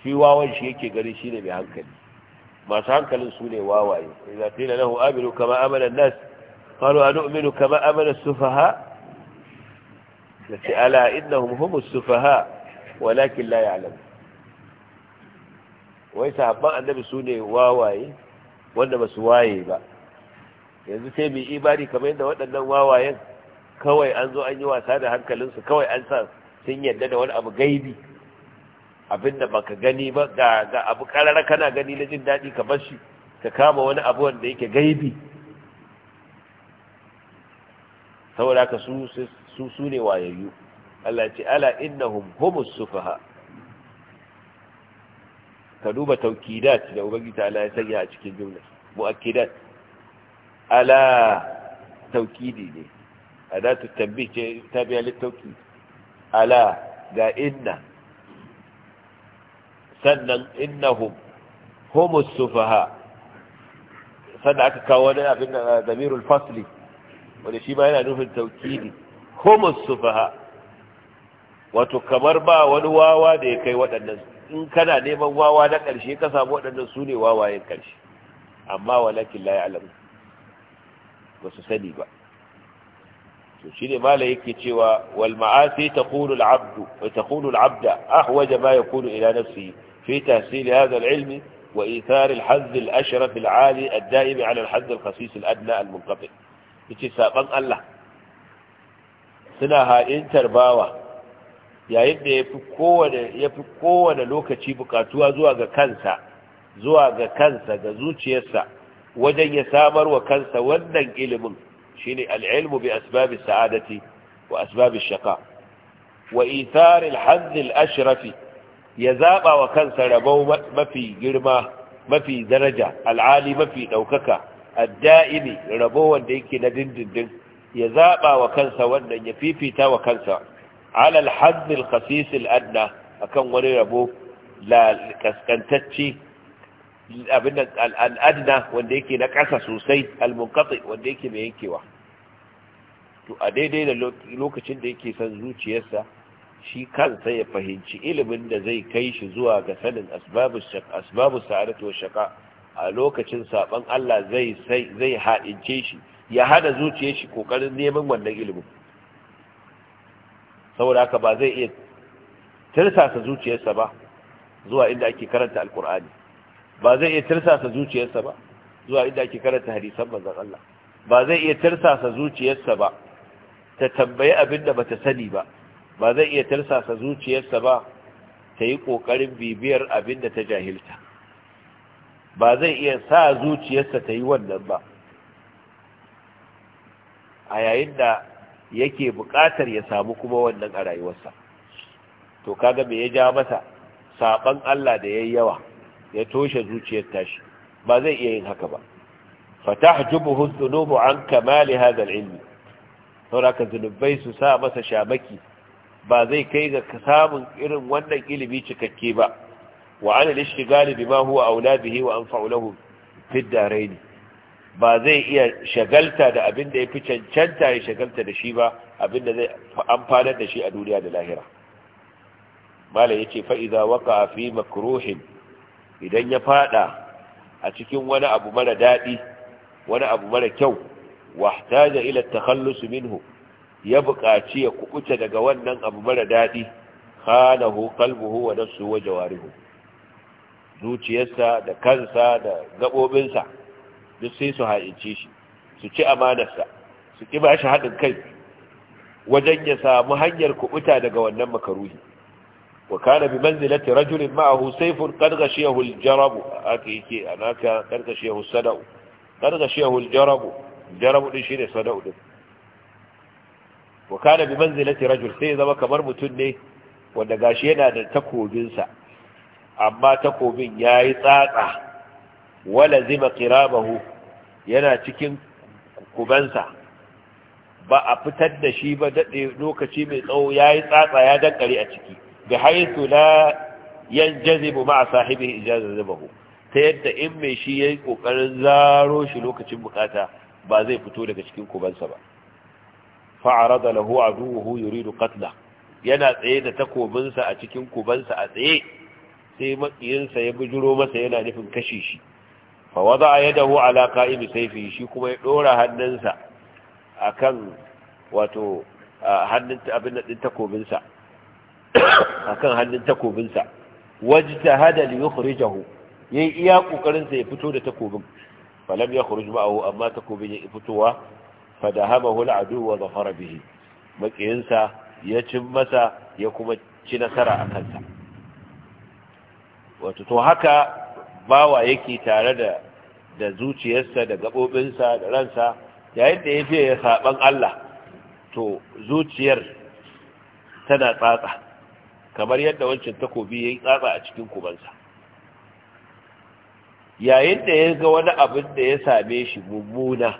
shi wawan shi yake gari shine mai hankali masu hankalin su ne wawaye idan tilalahu lahu amilu kama amalan nas قالوا أنؤمن كما أمن السفهاء التي ألا إنهم هم السفهاء ولكن لا يعلم ويسا أما النبي سوني واواي wanda ba su waye ba yanzu sai mai imani kamar yadda waɗannan wawayen kawai an zo an yi wasa da hankalinsu kawai an sa sun yadda da wani abu gaibi abinda baka gani ba ga abu karara kana gani na jin daɗi ka bar shi ka kama wani abu wanda yake gaibi saboda ka su su su ne wayayyu Allah ce ala innahum humus sufaha ka duba taukidat da ubangiji ta Allah ya sanya a cikin jumla muakkidat ala taukidi ne adatu tanbih ce tabi'a litauki ala ga inna sannan innahum humus sufaha sannan aka kawo wani abin da zamirul fasli wanda shi ma yana nufin taukidi homo sufaha wato kamar ba wani wawa da ya kai waɗannan in kana neman wawa na ƙarshe ka samu waɗannan su ne wawayen ƙarshe amma walakin la ya'lamu ba su sani ba to shi ne mala yake cewa wal ma'asi taqulu al abdu wa taqulu al abda ahwaja ma yakunu ila nafsihi fi tahsil hadha al ilmi wa ithar al hazz al ashraf al ali al da'im ala al hazz al khasis al adna al munqati' yace saban Allah suna haɗintar bawa yayin da yafi kowane kowane lokaci bukatuwa zuwa ga kansa zuwa ga kansa ga zuciyarsa wajen ya samar wa kansa wannan ilimin shine al-ilmu bi sa'adati wa asbabi shaqa wa ithar al-hazz ashrafi ya zaɓa wa kansa rabo mafi girma mafi daraja al'ali mafi ɗaukaka. adda'imi rabo wanda yake na dindindin ya zaba wa kansa wannan ya fifita wa kansa ala al-hazm al-khasis al akan wani rabo la kaskantacci abin al wanda yake na kasa sosai al-munqati wanda yake mai yankewa to a daidai da lokacin da yake son zuciyarsa shi kansa ya fahimci ilimin da zai kai shi zuwa ga sanin asbabus sa'adatu wa shaqa a lokacin saban Allah zai haɗince shi ya hada zuciya shi ƙoƙarin neman wannan ilimin saboda haka ba zai iya tirsasa zuciyarsa ba zuwa inda ake karanta alkur'ani ba zai iya tirsasa zuciyarsa ba zuwa inda ake karanta hadisan manzon Allah ba zai iya tirsasa zuciyarsa ba ta tambayi abin da bata sani ba ba zai iya tirsasa zuciyarsa ba ta yi ƙoƙarin bibiyar abin da ta jahilta ba zai iya sa zuciyarsa ta yi wannan ba a yayin da yake buƙatar ya samu kuma wannan a rayuwarsa to kaga me ya ja masa saban Allah da yayi yawa ya toshe zuciyar tashi ba zai iya yin haka ba fatahjubuhu dhunubu an kamali hadha al-ilm sauraka zunubai su sa masa shamaki ba zai kai ga samun irin wannan ilimi cikakke ba wa an al-ishtigal bima huwa aula bihi wa anfa'u ba zai iya shagalta da abin da yafi cancanta ya shagalta da shi ba abin da zai amfanar da shi a duniya da lahira malam ya ce idza waqa fi idan ya fada a cikin wani abu mara dadi wani abu mara kyau da ila at-takhallus minhu ya buƙaci ya kubuta daga wannan abu mara dadi khanahu qalbuhu wa nafsuhu wa jawarihu zuciyarsa da kansa da gabobinsa duk sai su ha'ince shi su ci amanarsa su ƙi shi haɗin kai wajen ya samu hanyar kuɓuta daga wannan makaruhi wa kana bi manzilati rajulin ma'ahu sayfun qad ghashiyahu al-jarab akike anaka qad ghashiyahu sadau qad ghashiyahu al-jarab jarab din ne sadau din wa kana bi manzilati rajul sai zama kamar mutun ne wanda gashi yana da takobinsa amma takobin ya yi tsatsa wala zima kirabahu yana cikin kubansa ba a fitar da shi ba daɗe lokaci mai tsawo ya yi tsatsa ya dankari a ciki da haitu la yan jazibu ma a sahibi ijaza zubahu ta yadda in mai shi ya yi ƙoƙarin zaro shi lokacin bukata ba zai fito daga cikin kubansa ba fa'ara da lahu a duhu yuridu katla yana tsaye da takobinsa a cikin kubansa a tsaye sai makiyinsa ya bujuro masa yana nufin kashe shi fa wada dahu ala qa'imi sayfi shi kuma ya dora hannunsa akan wato hannun abin da din takobin sa akan hannun takobin sa wajtahada li yukhrijahu yayi iya kokarin sa ya fito da takobin falam yakhruj ma'ahu amma takobin ya fitowa fadahamahu al'adu wa zafara bihi makiyinsa ya cin masa ya kuma ci nasara akan sa wato to haka bawa yake tare da da zuciyarsa da gabobinsa da ransa yayin da ya saban Allah to zuciyar tana tsatsa kamar yadda wancan takobi yayi tsatsa a cikin kubansa yayin da ya ga wani abin da ya same shi mummuna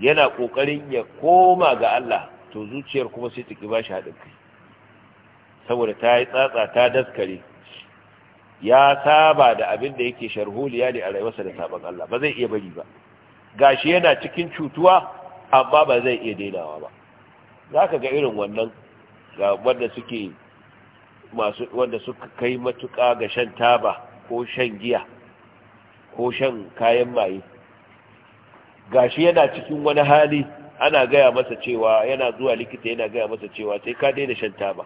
yana kokarin ya koma ga Allah to zuciyar kuma sai ta ki shi haɗin kai saboda ta yi tsatsa ta daskare ya saba da abin da yake sharholiya ne a rayuwarsa da saban Allah ba zai iya bari ba gashi yana cikin cutuwa amma ba zai iya dainawa ba za ka ga irin wannan ga wanda suke masu wanda suka kai matuƙa ga shan taba ko shan giya ko shan kayan maye gashi yana cikin wani hali ana gaya masa cewa yana zuwa likita yana gaya masa cewa sai ka daina shan taba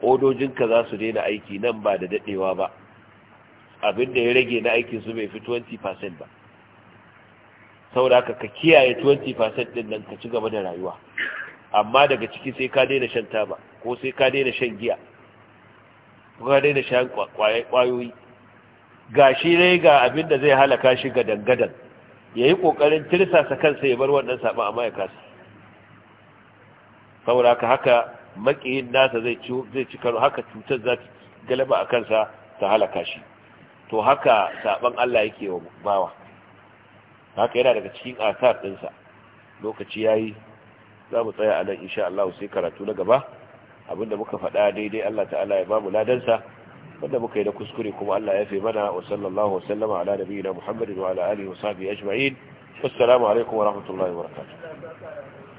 ƙodojinka za su daina aiki nan ba da daɗewa ba abin da ya rage na aikin su bai fi 20% ba saboda haka ka kiyaye 20% din nan ka ci gaba da rayuwa amma daga ciki sai ka daina shan taba ko sai ka daina shan giya ko ka daina shan kwayoyi gashi ne ga abin da zai halaka shi ga dangadan yayi kokarin tirsasa kansa ya bar wannan saba amma ya kasa saboda haka makiyin nasa zai ci karo haka cutar za ta galaba a kansa ta halaka shi to haka saban Allah yake wa bawa haka yana daga cikin asar ɗinsa lokaci ya yi za mu tsaya a nan insha Allah sai karatu na gaba abinda muka faɗa daidai Allah ta'ala ya bamu ladansa wanda muka yi da kuskure kuma Allah ya fi mana wa sallallahu wa sallama ala nabiyina Muhammadin wa ala alihi wa sahbihi ajma'in assalamu alaikum wa rahmatullahi wa barakatuh